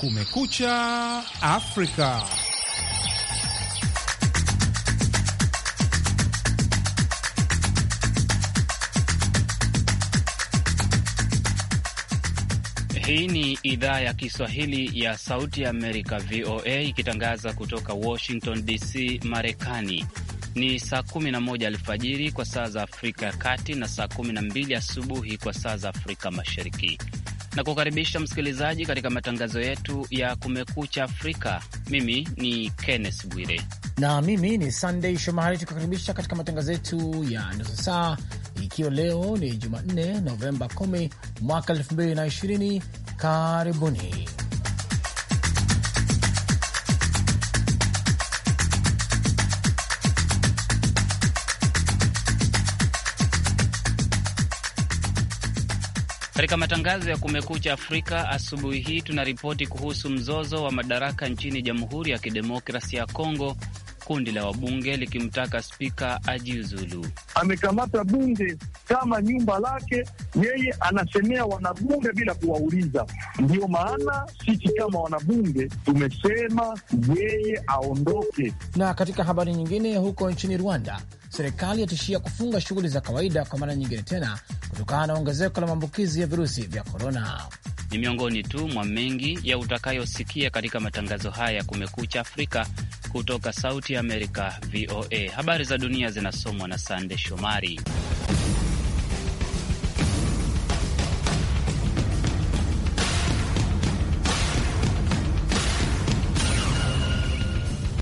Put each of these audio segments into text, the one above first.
Kumekucha Afrika. Hii ni idhaa ya Kiswahili ya Sauti ya Amerika, VOA, ikitangaza kutoka Washington DC, Marekani. Ni saa 11 alfajiri kwa saa za Afrika ya Kati na saa 12 asubuhi kwa saa za Afrika Mashariki na kukaribisha msikilizaji katika matangazo yetu ya Kumekucha Afrika. Mimi ni Kenneth Bwire na mimi ni sandey Shomari, tukikaribisha katika matangazo yetu ya nusu saa, ikiwa leo ni Jumanne Novemba 10 mwaka 2020. Karibuni. Katika matangazo ya Kumekucha Afrika asubuhi hii tunaripoti kuhusu mzozo wa madaraka nchini Jamhuri ya Kidemokrasia ya Kongo, kundi la wabunge likimtaka spika ajiuzulu. Amekamata bunge kama nyumba lake, yeye anasemea wanabunge bila kuwauliza. Ndiyo maana sisi kama wanabunge tumesema yeye aondoke. Na katika habari nyingine, huko nchini Rwanda serikali yatishia kufunga shughuli za kawaida kwa mara nyingine tena kutokana na ongezeko la maambukizi ya virusi vya korona. Ni miongoni tu mwa mengi ya utakayosikia katika matangazo haya ya Kumekucha Afrika kutoka Sauti ya Amerika, VOA. Habari za dunia zinasomwa na Sande Shomari.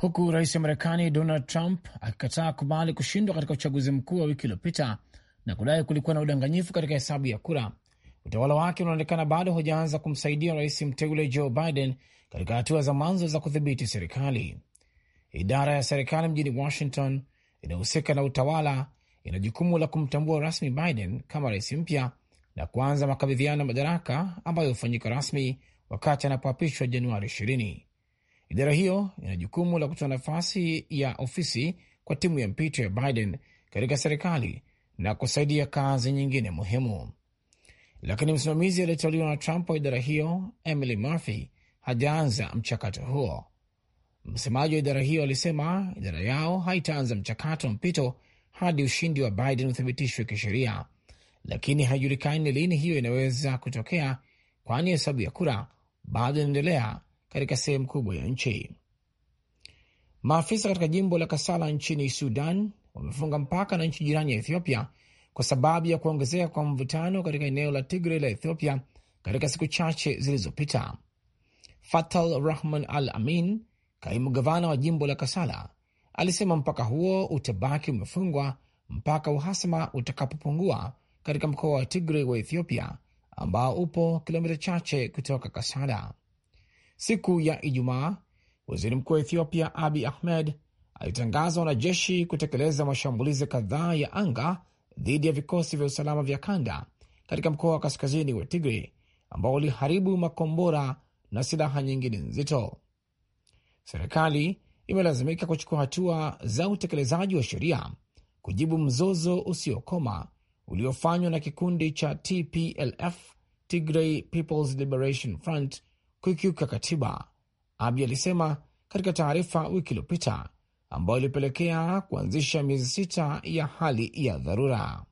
Huku rais wa Marekani Donald Trump akikataa kubali kushindwa katika uchaguzi mkuu wa wiki iliyopita na kudai kulikuwa na udanganyifu katika hesabu ya kura, utawala wake unaonekana bado hujaanza kumsaidia rais mteule Joe Biden katika hatua za mwanzo za kudhibiti serikali. Idara ya serikali mjini Washington inahusika na utawala, ina jukumu la kumtambua rasmi Biden kama rais mpya na kuanza makabidhiano ya madaraka ambayo hufanyika rasmi wakati anapoapishwa Januari 20. Idara hiyo ina jukumu la kutoa nafasi ya ofisi kwa timu ya mpito ya Biden katika serikali na kusaidia kazi nyingine muhimu. Lakini msimamizi aliyeteuliwa na Trump wa idara hiyo Emily Murphy hajaanza mchakato huo. Msemaji wa idara hiyo alisema idara yao haitaanza mchakato wa mpito hadi ushindi wa Biden uthibitishwe kisheria, lakini haijulikani lini hiyo inaweza kutokea, kwani hesabu ya kura bado inaendelea katika sehemu kubwa ya nchi. Maafisa katika jimbo la Kasala nchini Sudan wamefunga mpaka na nchi jirani ya Ethiopia kwa sababu ya kuongezeka kwa mvutano katika eneo la Tigre la Ethiopia katika siku chache zilizopita. Fatal Rahman Al Amin, kaimu gavana wa jimbo la Kasala, alisema mpaka huo utabaki umefungwa mpaka uhasama utakapopungua katika mkoa wa Tigre wa Ethiopia ambao upo kilomita chache kutoka Kasala. Siku ya Ijumaa, waziri mkuu wa Ethiopia Abi Ahmed alitangaza wanajeshi kutekeleza mashambulizi kadhaa ya anga dhidi ya vikosi vya usalama vya kanda katika mkoa wa kaskazini wa tigre ambao uliharibu makombora na silaha nyingine nzito. Serikali imelazimika kuchukua hatua za utekelezaji wa sheria kujibu mzozo usiokoma uliofanywa na kikundi cha TPLF, Tigray People's Liberation Front, kuikiuka katiba, Abiy alisema katika taarifa wiki iliyopita ambayo ilipelekea kuanzisha miezi sita ya hali ya dharura.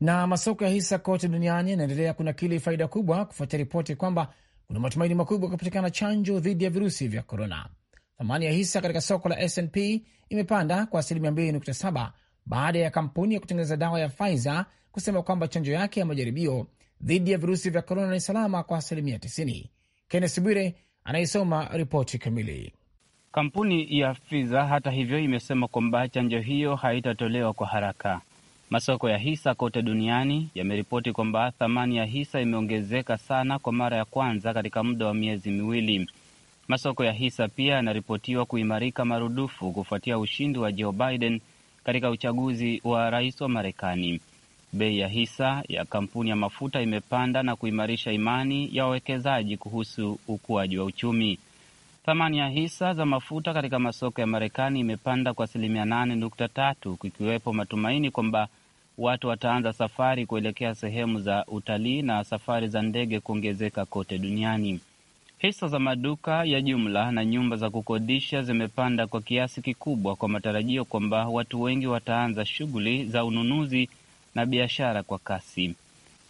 Na masoko ya hisa kote duniani yanaendelea kunakili faida kubwa kufuatia ripoti kwamba kuna matumaini makubwa kupatikana chanjo dhidi ya virusi vya korona. Thamani ya hisa katika soko la snp imepanda kwa asilimia 2.7 baada ya kampuni ya kutengeneza dawa ya Pfizer kusema kwamba chanjo yake ya majaribio dhidi ya virusi vya korona ni salama kwa asilimia 90 Kennes Bwire anayesoma ripoti kamili. Kampuni ya Pfizer hata hivyo imesema kwamba chanjo hiyo haitatolewa kwa haraka. Masoko ya hisa kote duniani yameripoti kwamba thamani ya hisa imeongezeka sana kwa mara ya kwanza katika muda wa miezi miwili. Masoko ya hisa pia yanaripotiwa kuimarika marudufu kufuatia ushindi wa Joe Biden katika uchaguzi wa rais wa Marekani. Bei ya hisa ya kampuni ya mafuta imepanda na kuimarisha imani ya wawekezaji kuhusu ukuaji wa uchumi. Thamani ya hisa za mafuta katika masoko ya Marekani imepanda kwa asilimia nane nukta tatu kukiwepo matumaini kwamba watu wataanza safari kuelekea sehemu za utalii na safari za ndege kuongezeka kote duniani. Hisa za maduka ya jumla na nyumba za kukodisha zimepanda kwa kiasi kikubwa kwa matarajio kwamba watu wengi wataanza shughuli za ununuzi na biashara kwa kasi.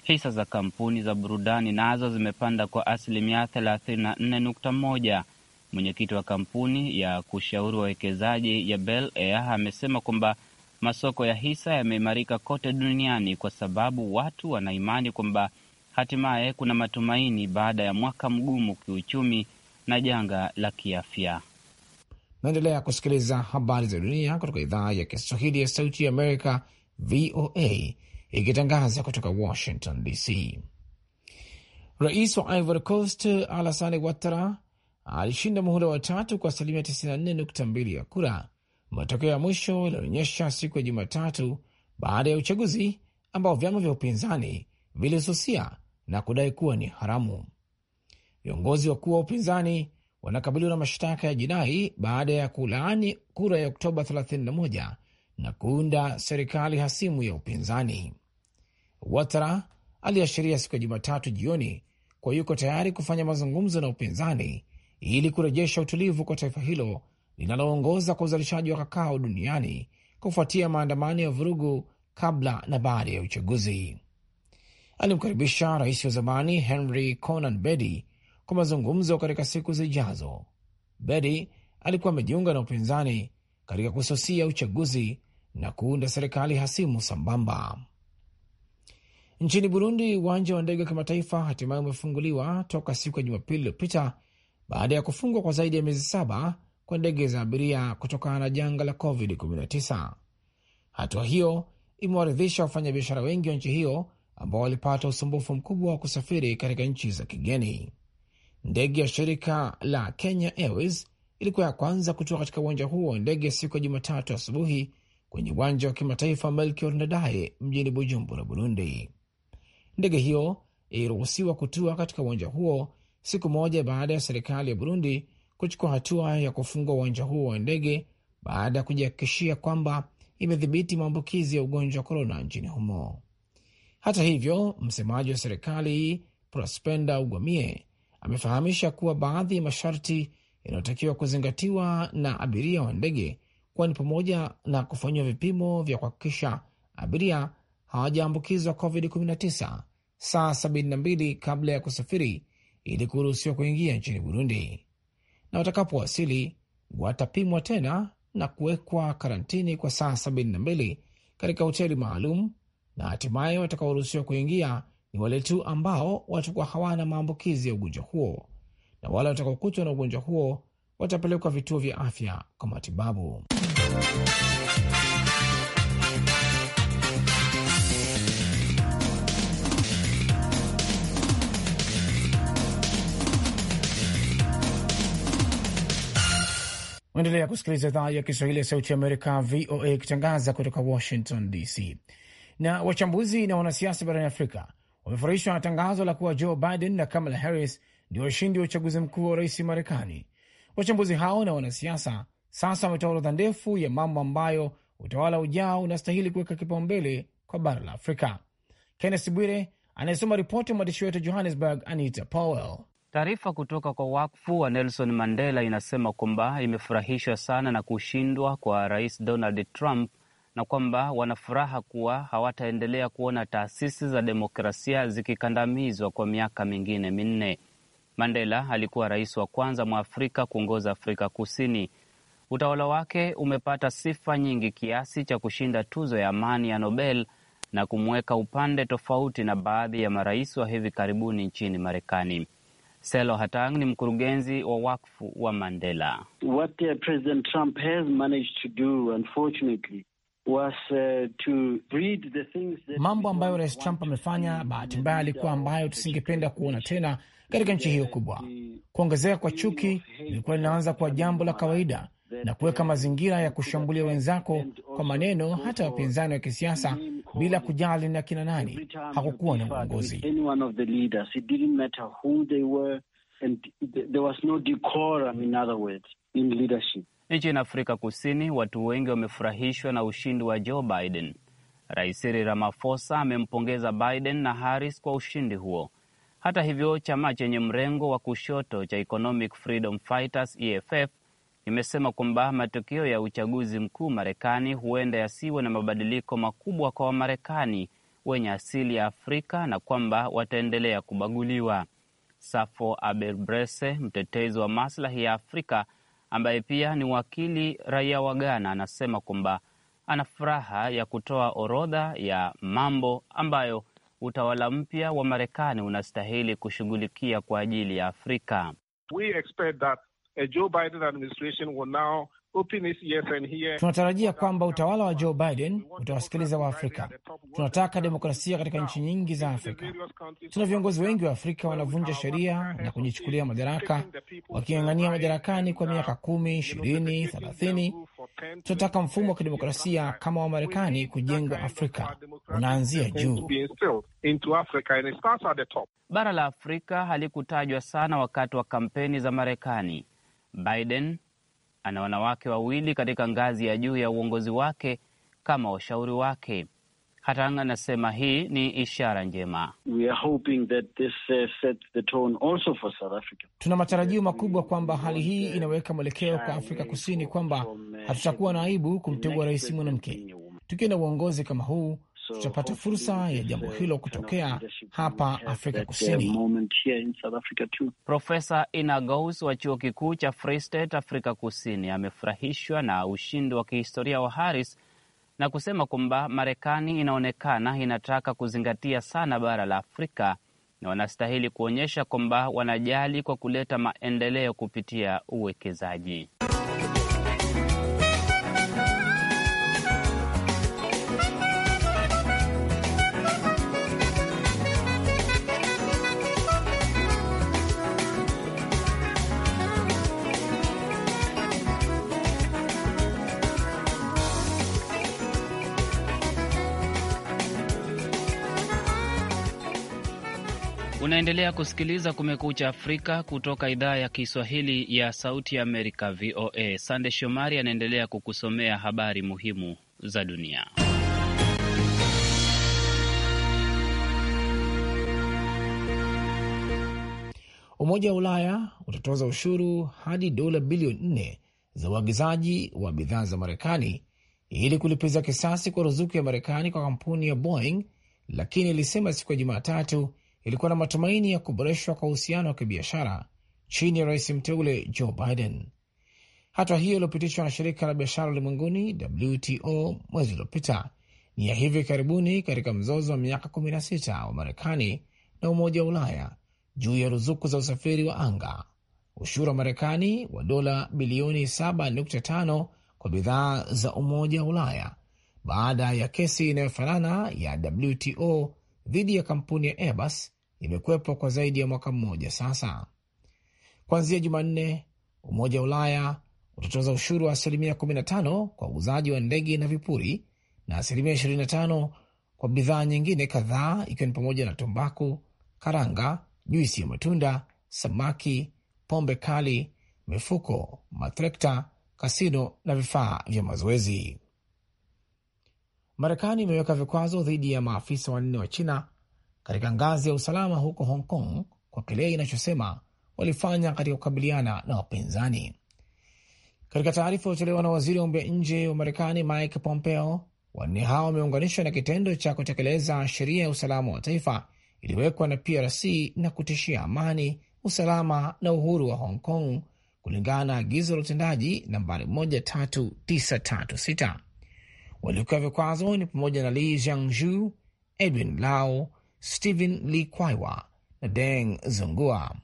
Hisa za kampuni za burudani nazo zimepanda kwa asilimia 341 Mwenyekiti wa kampuni ya kushauri wawekezaji ya Bel Air amesema kwamba masoko ya hisa yameimarika kote duniani kwa sababu watu wanaimani kwamba hatimaye kuna matumaini baada ya mwaka mgumu kiuchumi na janga la kiafya. Naendelea kusikiliza habari za dunia kutoka idhaa ya Kiswahili ya Sauti ya Amerika VOA ikitangaza kutoka Washington DC. Rais wa Ivory Coast Alassane Ouattara alishinda muhula wa tatu kwa asilimia 94.2 ya kura, matokeo ya mwisho yalionyesha siku ya Jumatatu baada ya uchaguzi ambao vyama vya upinzani vilisusia na kudai kuwa ni haramu. Viongozi wakuu wa upinzani wanakabiliwa na mashtaka ya jinai baada ya kulaani kura ya Oktoba 31 na kuunda serikali hasimu ya upinzani. Watara aliashiria siku ya Jumatatu jioni kwa yuko tayari kufanya mazungumzo na upinzani ili kurejesha utulivu kwa taifa hilo linaloongoza kwa uzalishaji wa kakao duniani kufuatia maandamano ya vurugu kabla na baada ya uchaguzi. Alimkaribisha rais wa zamani Henry Conan Bedi kwa mazungumzo katika siku zijazo. Bedi alikuwa amejiunga na upinzani katika kususia uchaguzi na kuunda serikali hasimu sambamba. Nchini Burundi, uwanja wa ndege wa kimataifa hatimaye umefunguliwa toka siku ya Jumapili iliyopita baada ya kufungwa kwa zaidi ya miezi saba kwa ndege za abiria kutokana na janga la COVID-19. Hatua hiyo imewaridhisha wafanyabiashara wengi wa nchi hiyo ambao walipata usumbufu mkubwa wa kusafiri katika nchi za kigeni. Ndege ya shirika la Kenya Airways ilikuwa ya kwanza kutua katika uwanja huo wa ndege siku ya Jumatatu asubuhi kwenye uwanja wa kimataifa Melchior Ndadaye mjini Bujumbura, Burundi. Ndege hiyo iliruhusiwa kutua katika uwanja huo siku moja baada ya serikali ya Burundi kuchukua hatua ya kufungwa uwanja huo wa ndege baada ya kujihakikishia kwamba imedhibiti maambukizi ya ugonjwa wa korona nchini humo. Hata hivyo, msemaji wa serikali Prospenda Ugwamie amefahamisha kuwa baadhi ya masharti yanayotakiwa kuzingatiwa na abiria wa ndege kwani pamoja na kufanyiwa vipimo vya kuhakikisha abiria hawajaambukizwa COVID-19 saa 72 kabla ya kusafiri ili kuruhusiwa kuingia nchini Burundi, na watakapowasili watapimwa tena na kuwekwa karantini kwa saa 72 katika hoteli maalum, na hatimaye watakaoruhusiwa kuingia ni wale tu ambao watakuwa hawana maambukizi ya ugonjwa huo, na wale watakaokutwa na ugonjwa huo watapelekwa vituo vya afya kwa matibabu. Endelea kusikiliza idhaa ya Kiswahili ya Sauti ya Amerika, VOA, ikitangaza kutoka Washington DC. Na wachambuzi na wanasiasa barani Afrika wamefurahishwa na tangazo la kuwa Joe Biden na Kamala Harris ndio washindi wa uchaguzi mkuu wa urais Marekani, Wachambuzi hao na wanasiasa sasa wametoa orodha ndefu ya mambo ambayo utawala ujao unastahili kuweka kipaumbele kwa bara la Afrika. Kennes Bwire anayesoma ripoti ya mwandishi wetu Johannesburg, Anita Powell. Taarifa kutoka kwa wakfu wa Nelson Mandela inasema kwamba imefurahishwa sana na kushindwa kwa Rais Donald Trump na kwamba wanafuraha kuwa hawataendelea kuona taasisi za demokrasia zikikandamizwa kwa miaka mingine minne. Mandela alikuwa rais wa kwanza mwa Afrika kuongoza Afrika Kusini. Utawala wake umepata sifa nyingi kiasi cha kushinda tuzo ya amani ya Nobel na kumweka upande tofauti na baadhi ya marais wa hivi karibuni nchini Marekani. Selo Hatang ni mkurugenzi wa wakfu wa Mandela. What, President Trump has managed to do, unfortunately, was, uh, to read the things that mambo ambayo Rais Trump amefanya, bahati mbaya, alikuwa ambayo tusingependa kuona tena katika nchi hiyo kubwa. Kuongezeka kwa chuki lilikuwa linaanza kuwa jambo la kawaida na kuweka mazingira ya kushambulia wenzako kwa maneno, hata wapinzani wa kisiasa, bila kujali na kina nani. Hakukuwa na uongozi. Nchini Afrika Kusini, watu wengi wamefurahishwa na ushindi wa Joe Biden. Rais Cyril Ramaphosa amempongeza Biden na Harris kwa ushindi huo. Hata hivyo, chama chenye mrengo wa kushoto cha Economic Freedom Fighters EFF imesema kwamba matokeo ya uchaguzi mkuu Marekani huenda yasiwe na mabadiliko makubwa kwa Wamarekani wenye asili ya Afrika na kwamba wataendelea kubaguliwa. Safo Abelbrese, mtetezi wa maslahi ya Afrika ambaye pia ni wakili raia wa Ghana, anasema kwamba ana furaha ya kutoa orodha ya mambo ambayo utawala mpya wa Marekani unastahili kushughulikia kwa ajili ya Afrika. We expect that a Joe Biden administration will now Tunatarajia kwamba utawala wa Joe Biden utawasikiliza Waafrika. Tunataka demokrasia katika nchi nyingi za Afrika. Tuna viongozi wengi wa Afrika wanavunja sheria na kujichukulia madaraka, waking'ang'ania madarakani kwa miaka kumi, ishirini, thelathini. Tunataka mfumo wa kidemokrasia kama wa Marekani kujengwa Afrika, unaanzia juu. Bara la Afrika halikutajwa sana wakati wa kampeni za Marekani. Biden ana wanawake wawili katika ngazi ya juu ya uongozi wake kama washauri wake. Hatang anasema hii ni ishara njema. We are hoping that this uh, sets the tone also for South Africa. Tuna matarajio makubwa kwamba hali hii inaweka mwelekeo kwa Afrika Kusini kwamba hatutakuwa na aibu kumteua rais mwanamke. Tukiwa na uongozi kama huu, tutapata fursa ya jambo hilo kutokea hapa Afrika uh, Kusini. Profesa Inagous wa chuo kikuu cha Free State Afrika Kusini amefurahishwa na ushindi wa kihistoria wa Harris na kusema kwamba Marekani inaonekana inataka kuzingatia sana bara la Afrika na wanastahili kuonyesha kwamba wanajali kwa kuleta maendeleo kupitia uwekezaji. Unaendelea kusikiliza Kumekucha Afrika kutoka idhaa ya Kiswahili ya Sauti ya Amerika, VOA. Sande Shomari anaendelea kukusomea habari muhimu za dunia. Umoja wa Ulaya utatoza ushuru hadi dola bilioni nne za uagizaji wa bidhaa za Marekani ili kulipiza kisasi kwa ruzuku ya Marekani kwa kampuni ya Boeing, lakini ilisema siku ya Jumatatu ilikuwa na matumaini ya kuboreshwa kwa uhusiano wa kibiashara chini ya rais mteule Joe Biden. Hatua hiyo iliyopitishwa na shirika la biashara ulimwenguni WTO mwezi uliopita ni ya hivi karibuni katika mzozo wa miaka 16 wa Marekani na Umoja wa Ulaya juu ya ruzuku za usafiri wa anga. Ushuru wa Marekani wa dola bilioni 7.5 kwa bidhaa za Umoja wa Ulaya baada ya kesi inayofanana ya WTO dhidi ya kampuni ya Airbus imekwepo kwa zaidi ya mwaka mmoja sasa. Kuanzia Jumanne, Umoja wa Ulaya utatoza ushuru wa asilimia 15 kwa uuzaji wa ndege na vipuri na asilimia 25 kwa bidhaa nyingine kadhaa, ikiwa ni pamoja na tumbaku, karanga, juisi ya matunda, samaki, pombe kali, mifuko, matrekta, kasino na vifaa vya mazoezi. Marekani imeweka vikwazo dhidi ya maafisa wanne wa China katika ngazi ya usalama huko Hong Kong kwa kile inachosema walifanya katika kukabiliana na wapinzani. Katika taarifa iliyotolewa na waziri wa mambo ya nje wa Marekani Mike Pompeo, wanne hao wameunganishwa na kitendo cha kutekeleza sheria ya usalama wa taifa iliyowekwa na PRC na kutishia amani, usalama na uhuru wa Hong Kong, kulingana na agizo la utendaji nambari 13936. waliokewa vikwazo ni pamoja na Li Jiangju, Edwin Lau, Stephen Likwaiwa na Deng Zungua.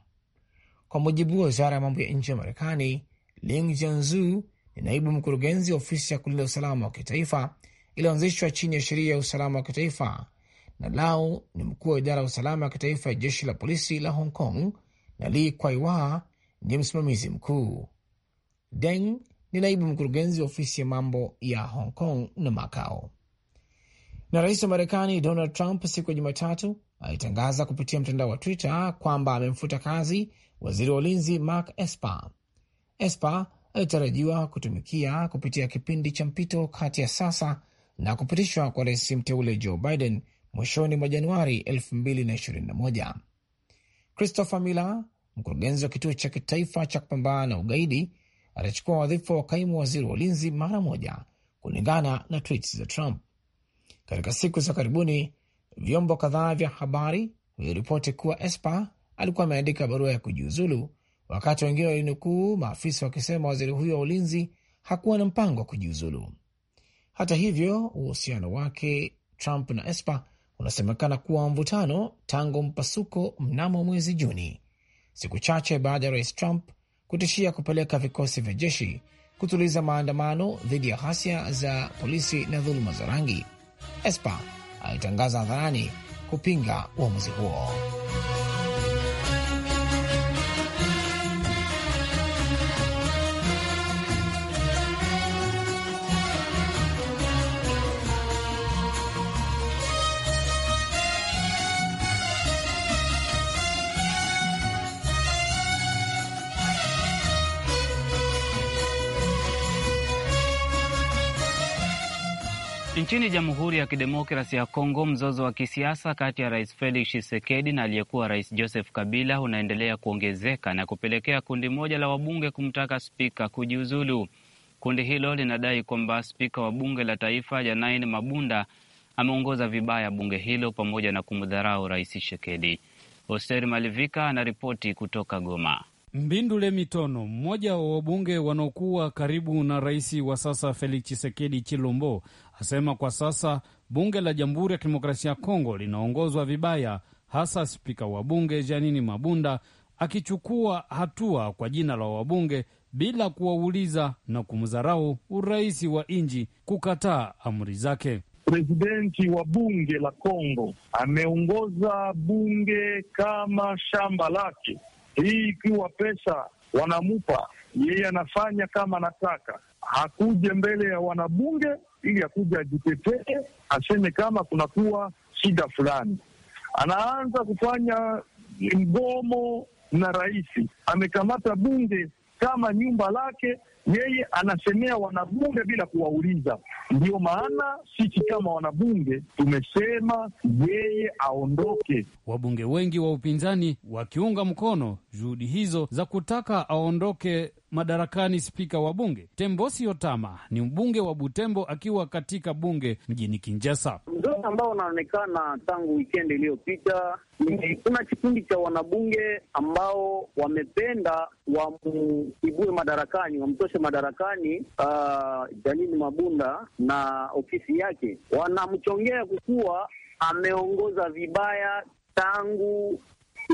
Kwa mujibu wa wizara ya mambo ya nje ya Marekani, Ling Jianzu ni naibu mkurugenzi wa ofisi ya kulinda usalama wa kitaifa iliyoanzishwa chini ya sheria ya usalama wa kitaifa, na Lau ni mkuu wa idara ya usalama wa kitaifa ya jeshi la polisi la Hong Kong, na Li Kwaiwa ndiye msimamizi mkuu. Deng ni naibu mkurugenzi wa ofisi ya mambo ya Hong Kong na makao na rais wa Marekani Donald Trump siku ya Jumatatu alitangaza kupitia mtandao wa Twitter kwamba amemfuta kazi waziri wa ulinzi Mark Esper. Esper alitarajiwa kutumikia kupitia kipindi cha mpito kati ya sasa na kupitishwa kwa rais mteule Joe Biden mwishoni mwa Januari 2021. Christopher Miller, mkurugenzi wa kituo cha kitaifa cha kupambana na ugaidi, atachukua wadhifa wa kaimu waziri wa ulinzi mara moja, kulingana na tweets za Trump. Katika siku za karibuni, vyombo kadhaa vya habari viliripoti kuwa Esper alikuwa ameandika barua ya kujiuzulu, wakati wengine walinukuu maafisa wakisema waziri huyo wa ulinzi hakuwa na mpango wa kujiuzulu. Hata hivyo, uhusiano wake Trump na Esper unasemekana kuwa mvutano tangu mpasuko mnamo mwezi Juni, siku chache baada ya rais Trump kutishia kupeleka vikosi vya jeshi kutuliza maandamano dhidi ya ghasia za polisi na dhuluma za rangi. Espa alitangaza hadharani kupinga uamuzi huo. Nchini Jamhuri ya Kidemokrasi ya Kongo, mzozo wa kisiasa kati ya Rais Felix Tshisekedi na aliyekuwa Rais Joseph Kabila unaendelea kuongezeka na kupelekea kundi moja la wabunge kumtaka spika kujiuzulu. Kundi hilo linadai kwamba spika wa bunge la taifa Janain Mabunda ameongoza vibaya bunge hilo pamoja na kumdharau Rais Tshisekedi. Hoser Malivika anaripoti kutoka Goma. Mbindule Mitono, mmoja wa wabunge wanaokuwa karibu na rais wa sasa Felix Chisekedi Chilombo, asema kwa sasa bunge la Jamhuri ya Kidemokrasia ya Kongo linaongozwa vibaya, hasa spika wa bunge Janini Mabunda akichukua hatua kwa jina la wabunge bila kuwauliza na kumdharau urais wa nchi, kukataa amri zake. Presidenti wa bunge la Kongo ameongoza bunge kama shamba lake. Hii ikiwa pesa wanamupa yeye, anafanya kama anataka, akuje mbele ya wanabunge ili akuja ajitetee, aseme kama kunakuwa shida fulani. Anaanza kufanya mgomo na rais amekamata bunge kama nyumba lake yeye anasemea wanabunge bila kuwauliza. Ndiyo maana sisi kama wanabunge tumesema yeye aondoke. Wabunge wengi wa upinzani wakiunga mkono juhudi hizo za kutaka aondoke madarakani spika wa bunge Tembosi Yotama ni mbunge wa Butembo akiwa katika bunge mjini kinjasa Mzozo ambao unaonekana tangu wikendi iliyopita ni kuna kikundi cha wanabunge ambao wamependa wamuibue madarakani, wamtoshe aondoshwe madarakani uh, Janini Mabunda na ofisi yake. Wanamchongea kukuwa ameongoza vibaya tangu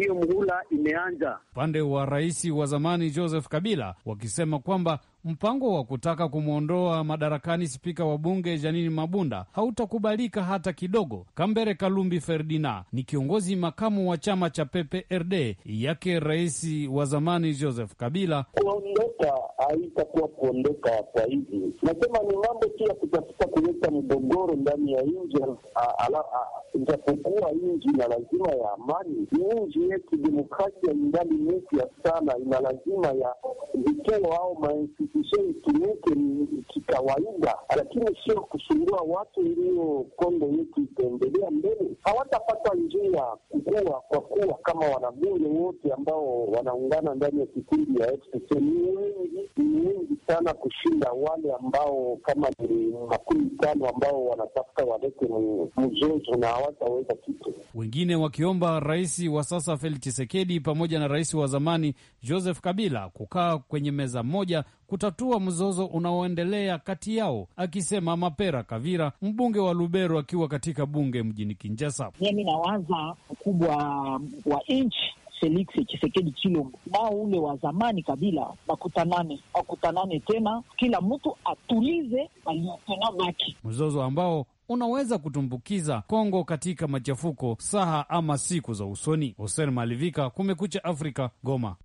hiyo mhula imeanza. Upande wa rais wa zamani Joseph Kabila wakisema kwamba mpango wa kutaka kumwondoa madarakani spika wa bunge Janini Mabunda hautakubalika hata kidogo. Kambere Kalumbi ferdina ni kiongozi makamu wa chama cha PPRD yake rais wa zamani Joseph Kabila. Kuondoka haitakuwa kuondoka kwa hivi, nasema ni mambo tu ya kutafuta kuleta mgogoro ndani ya nji, ijapokuwa nji ina lazima ya amani. Nji yetu demokrasia ingali mpya sana, ina lazima ya vitoo au mainstitusi sio kimweke ni kikawaida, lakini sio kusumbua watu. Ndiyo kombe yetu itaendelea mbele, hawatapata njia kukua, kwa kuwa kama wanabunge wote ambao wanaungana ndani ya kikundi ya FCC ni wengi, ni wengi sana kushinda wale ambao kama ni makumi tano ambao wanatafuta walete mzozo na hawataweza kitu. Wengine wakiomba rais wa sasa Felix Tshisekedi pamoja na rais wa zamani Joseph Kabila kukaa kwenye meza moja kutatua mzozo unaoendelea kati yao, akisema Mapera Kavira, mbunge wa Lubero, akiwa katika bunge mjini kinjasa Mimi nawaza mkubwa wa nchi Felix Chisekedi Chilombo nao ule wa zamani Kabila wakutanane, wakutanane tena, kila mtu atulize aliyotena baki mzozo ambao unaweza kutumbukiza Kongo katika machafuko saha ama siku za usoni. Hosen Malivika, Kumekucha Afrika, Goma.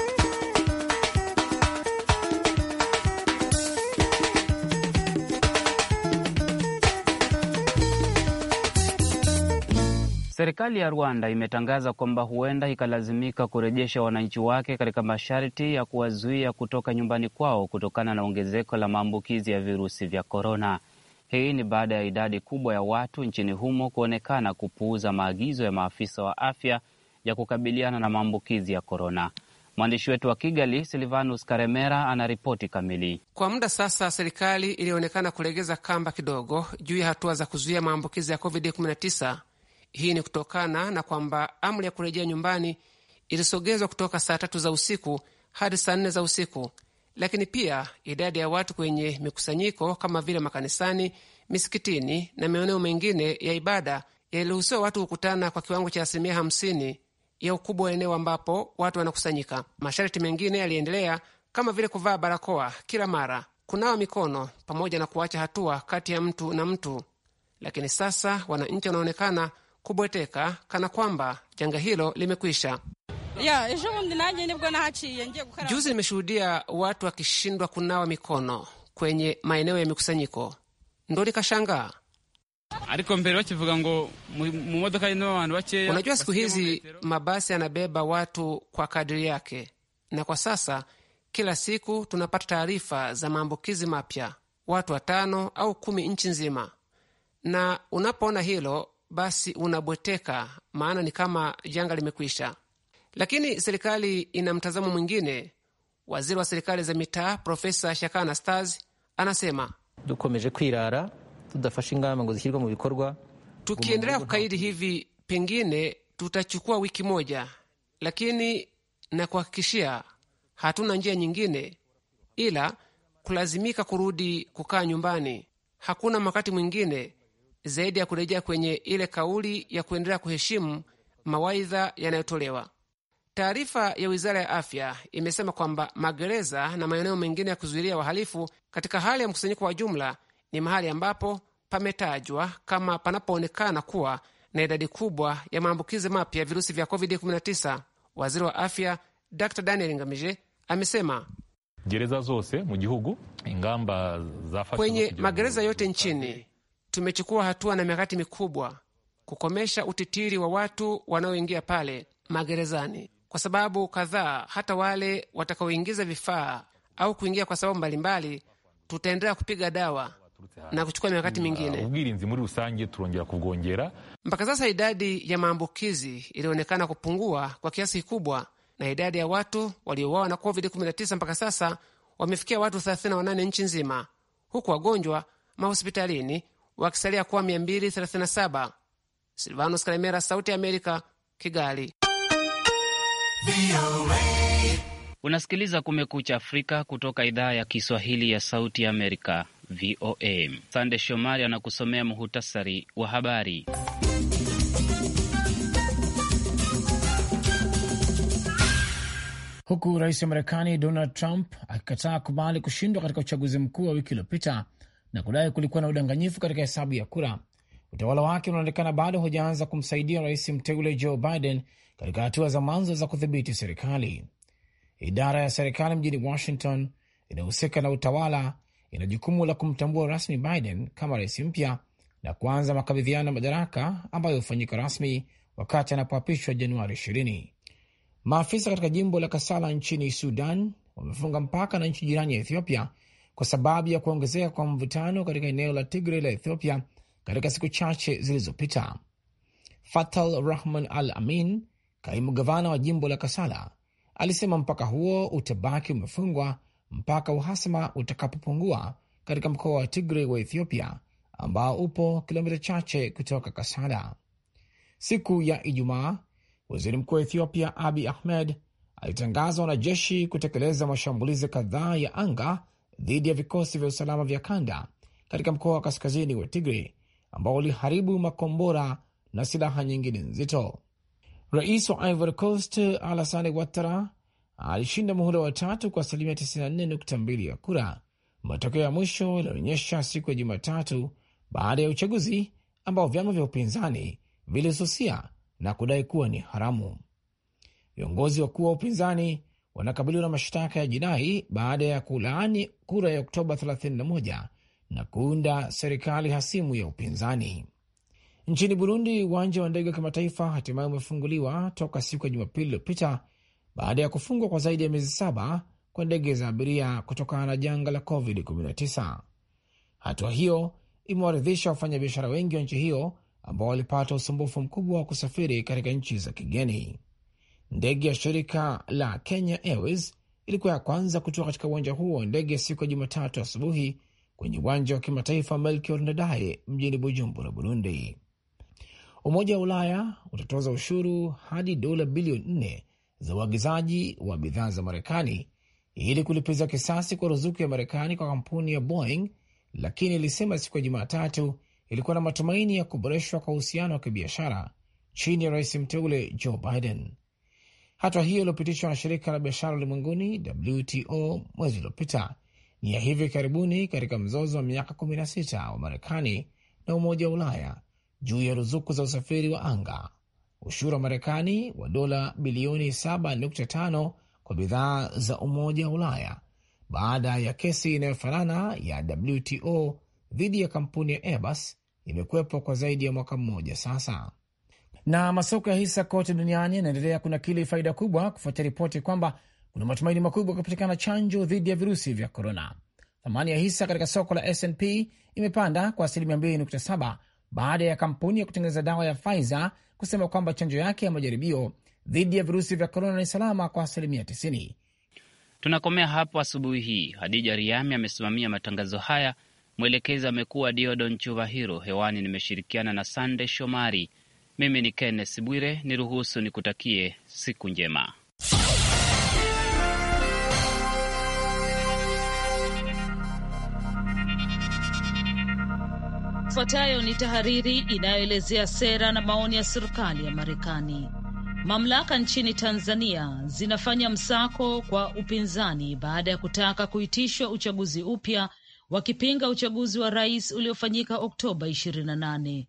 Serikali ya Rwanda imetangaza kwamba huenda ikalazimika kurejesha wananchi wake katika masharti ya kuwazuia kutoka nyumbani kwao kutokana na ongezeko la maambukizi ya virusi vya korona. Hii ni baada ya idadi kubwa ya watu nchini humo kuonekana kupuuza maagizo ya maafisa wa afya ya kukabiliana na maambukizi ya korona. Mwandishi wetu wa Kigali, Silvanus Karemera, ana ripoti kamili. Kwa muda sasa, serikali ilionekana kulegeza kamba kidogo juu ya hatua za kuzuia maambukizi ya COVID-19 hii ni kutokana na kwamba amri ya kurejea nyumbani ilisogezwa kutoka saa tatu za usiku hadi saa nne za usiku, lakini pia idadi ya watu kwenye mikusanyiko kama vile makanisani, misikitini na maeneo mengine ya ibada yaliruhusiwa watu kukutana kwa kiwango cha asilimia hamsini ya ukubwa wa eneo ambapo watu wanakusanyika. Masharti mengine yaliendelea kama vile kuvaa barakoa kila mara, kunawa mikono, pamoja na kuacha hatua kati ya mtu na mtu. Lakini sasa wananchi wanaonekana kubweteka kana kwamba janga hilo limekwisha. Juzi nimeshuhudia watu wakishindwa kunawa mikono kwenye maeneo ya mikusanyiko, ndo likashangaa. Unajua, siku hizi mabasi yanabeba watu kwa kadiri yake, na kwa sasa kila siku tunapata taarifa za maambukizi mapya, watu watano au kumi nchi nzima, na unapoona hilo basi unabweteka, maana ni kama janga limekwisha. Lakini serikali ina mtazamo mwingine. Waziri wa serikali za mitaa Profesa Shakana anastazi anasema dukomeje kwirara tudafashe ingamba ngo zishyirwe mu bikorwa, tukiendelea kukaidi hivi pengine tutachukua wiki moja, lakini na kuhakikishia hatuna njia nyingine ila kulazimika kurudi kukaa nyumbani. Hakuna wakati mwingine zaidi ya kurejea kwenye ile kauli ya kuendelea kuheshimu mawaidha yanayotolewa. Taarifa ya wizara ya afya imesema kwamba magereza na maeneo mengine ya kuzuilia wahalifu katika hali ya mkusanyiko wa jumla ni mahali ambapo pametajwa kama panapoonekana kuwa na idadi kubwa ya maambukizi mapya ya virusi vya COVID-19. Waziri wa afya Dr Daniel Ngamije amesema gereza zose mu gihugu ingamba zafashwe kwenye magereza yote nchini tumechukua hatua na mikakati mikubwa kukomesha utitiri wa watu wanaoingia pale magerezani kwa sababu kadhaa, hata wale watakaoingiza vifaa au kuingia kwa sababu mbalimbali, tutaendelea kupiga dawa na kuchukua mikakati mingine. Mpaka sasa idadi ya maambukizi ilionekana kupungua kwa kiasi kikubwa, na idadi ya watu waliouawa na COVID-19 mpaka sasa wamefikia watu 38 nchi nzima, huku wagonjwa mahospitalini wakisalia kuwa 237. Silvanus Kalemera, Sauti ya Amerika, Kigali. Unasikiliza Kumekucha Afrika kutoka idhaa ya Kiswahili ya Sauti ya Amerika, VOA. Sande Shomari anakusomea muhutasari wa habari. Huku rais wa Marekani Donald Trump akikataa kubali kushindwa katika uchaguzi mkuu wa wiki iliyopita, na kudai kulikuwa na udanganyifu katika hesabu ya kura, utawala wake unaonekana bado hujaanza kumsaidia rais mteule Joe Biden katika hatua za mwanzo za kudhibiti serikali. Idara ya serikali mjini Washington inahusika na utawala, ina jukumu la kumtambua rasmi Biden kama rais mpya na kuanza makabidhiano ya madaraka ambayo hufanyika rasmi wakati anapoapishwa Januari 20. Maafisa katika jimbo la Kasala nchini Sudan wamefunga mpaka na nchi jirani ya Ethiopia kwa sababu ya kuongezeka kwa mvutano katika eneo la tigre la Ethiopia katika siku chache zilizopita. Fatal Rahman Al Amin, kaimu gavana wa jimbo la Kasala, alisema mpaka huo utabaki umefungwa mpaka uhasama utakapopungua katika mkoa wa tigre wa Ethiopia ambao upo kilomita chache kutoka Kasala. Siku ya Ijumaa, waziri mkuu wa Ethiopia Abi Ahmed na wanajeshi kutekeleza mashambulizi kadhaa ya anga dhidi ya vikosi vya usalama vya kanda katika mkoa wa kaskazini wa Tigre ambao uliharibu makombora na silaha nyingine nzito. Rais wa Ivory Coast Alassane Ouattara alishinda muhula wa tatu kwa asilimia 94.2 ya kura, matokeo ya mwisho yalionyesha siku ya Jumatatu baada ya uchaguzi ambao vyama vya upinzani vilisusia na kudai kuwa ni haramu. Viongozi wakuu wa upinzani wanakabiliwa na mashtaka ya jinai baada ya kulaani kura ya Oktoba 31 na kuunda serikali hasimu ya upinzani. Nchini Burundi, uwanja wa ndege wa kimataifa hatimaye umefunguliwa toka siku ya Jumapili iliyopita baada ya kufungwa kwa zaidi ya miezi saba kwa ndege za abiria kutokana na janga la COVID-19. Hatua hiyo imewaridhisha wafanyabiashara wengi wa nchi hiyo ambao walipata usumbufu mkubwa wa kusafiri katika nchi za kigeni. Ndege ya shirika la Kenya Airways ilikuwa ya kwanza kutoka katika uwanja huo wa ndege siku ya Jumatatu asubuhi kwenye uwanja wa kimataifa Melchior Ndadaye mjini Bujumbura, Burundi. Umoja wa Ulaya utatoza ushuru hadi dola bilioni nne za uagizaji wa bidhaa za Marekani ili kulipiza kisasi kwa ruzuku ya Marekani kwa kampuni ya Boeing, lakini ilisema siku ya Jumatatu ilikuwa na matumaini ya kuboreshwa kwa uhusiano wa kibiashara chini ya rais mteule Joe Biden. Hatua hiyo iliyopitishwa na shirika la biashara ulimwenguni WTO mwezi uliopita ni ya hivi karibuni katika mzozo wa miaka 16 wa Marekani na Umoja wa Ulaya juu ya ruzuku za usafiri wa anga. Ushuru wa Marekani wa dola bilioni 7.5 kwa bidhaa za Umoja wa Ulaya baada ya kesi inayofanana ya WTO dhidi ya kampuni ya Airbus imekwepwa kwa zaidi ya mwaka mmoja sasa. Na masoko ya hisa kote duniani yanaendelea kunakili faida kubwa kufuatia ripoti kwamba kuna matumaini makubwa kupatikana chanjo dhidi ya virusi vya korona. Thamani ya hisa katika soko la S&P imepanda kwa asilimia 2.7 baada ya kampuni ya kutengeneza dawa ya Pfizer kusema kwamba chanjo yake ya majaribio dhidi ya virusi vya korona ni salama kwa asilimia 90. Tunakomea hapo asubuhi hii. Hadija Riami amesimamia matangazo haya, mwelekezi amekuwa Diodon Chuvahiro. Hewani nimeshirikiana na Sande Shomari. Mimi ni Kenneth Bwire, niruhusu nikutakie siku njema. Ifuatayo ni tahariri inayoelezea sera na maoni ya serikali ya Marekani. Mamlaka nchini Tanzania zinafanya msako kwa upinzani baada ya kutaka kuitishwa uchaguzi upya, wakipinga uchaguzi wa rais uliofanyika Oktoba 28.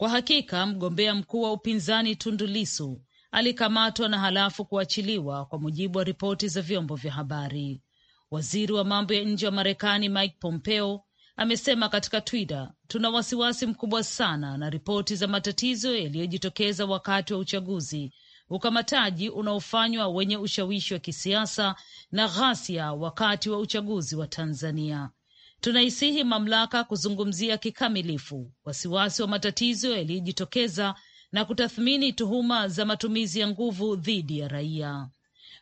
Kwa hakika mgombea mkuu wa upinzani Tundu Lisu alikamatwa na halafu kuachiliwa, kwa mujibu wa ripoti za vyombo vya habari. Waziri wa mambo ya nje wa Marekani Mike Pompeo amesema katika Twitter, tuna wasiwasi mkubwa sana na ripoti za matatizo yaliyojitokeza wakati wa uchaguzi, ukamataji unaofanywa wenye ushawishi wa kisiasa na ghasia wakati wa uchaguzi wa Tanzania. Tunaisihi mamlaka kuzungumzia kikamilifu wasiwasi wa matatizo yaliyojitokeza na kutathmini tuhuma za matumizi ya nguvu dhidi ya raia.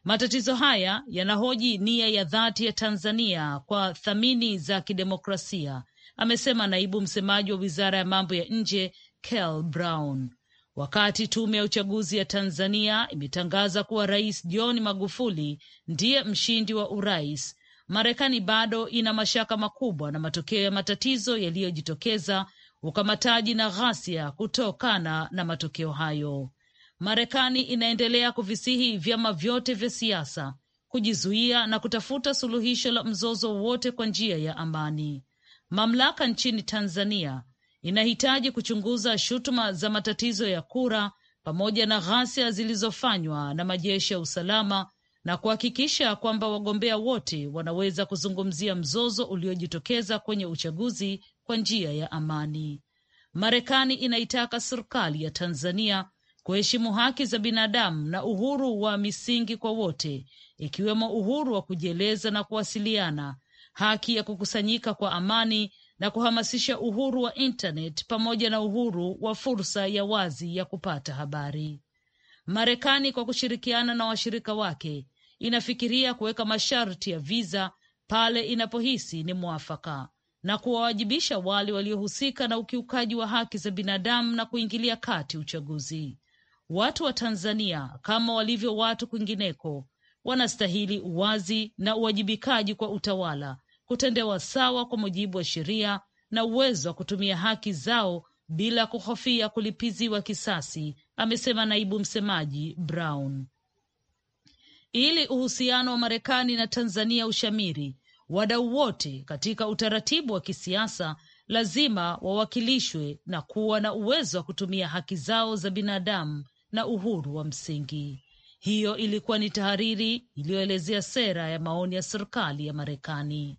Matatizo haya yanahoji nia ya dhati ya Tanzania kwa thamani za kidemokrasia, amesema naibu msemaji wa wizara ya mambo ya nje Kel Brown wakati tume ya uchaguzi ya Tanzania imetangaza kuwa Rais John Magufuli ndiye mshindi wa urais Marekani bado ina mashaka makubwa na matokeo ya matatizo yaliyojitokeza, ukamataji na ghasia kutokana na matokeo hayo. Marekani inaendelea kuvisihi vyama vyote vya siasa kujizuia na kutafuta suluhisho la mzozo wote kwa njia ya amani. Mamlaka nchini Tanzania inahitaji kuchunguza shutuma za matatizo ya kura pamoja na ghasia zilizofanywa na majeshi ya usalama na kuhakikisha kwamba wagombea wote wanaweza kuzungumzia mzozo uliojitokeza kwenye uchaguzi kwa njia ya amani. Marekani inaitaka serikali ya Tanzania kuheshimu haki za binadamu na uhuru wa misingi kwa wote, ikiwemo uhuru wa kujieleza na kuwasiliana, haki ya kukusanyika kwa amani na kuhamasisha uhuru wa intanet pamoja na uhuru wa fursa ya wazi ya kupata habari. Marekani kwa kushirikiana na washirika wake inafikiria kuweka masharti ya viza pale inapohisi ni mwafaka na kuwawajibisha wale waliohusika na ukiukaji wa haki za binadamu na kuingilia kati uchaguzi. Watu wa Tanzania kama walivyo watu kwingineko wanastahili uwazi na uwajibikaji kwa utawala, kutendewa sawa kwa mujibu wa sheria na uwezo wa kutumia haki zao bila kuhofia kulipiziwa kisasi, amesema naibu msemaji Brown. Ili uhusiano wa Marekani na Tanzania ushamiri, wadau wote katika utaratibu wa kisiasa lazima wawakilishwe na kuwa na uwezo wa kutumia haki zao za binadamu na uhuru wa msingi. Hiyo ilikuwa ni tahariri iliyoelezea sera ya maoni ya serikali ya Marekani.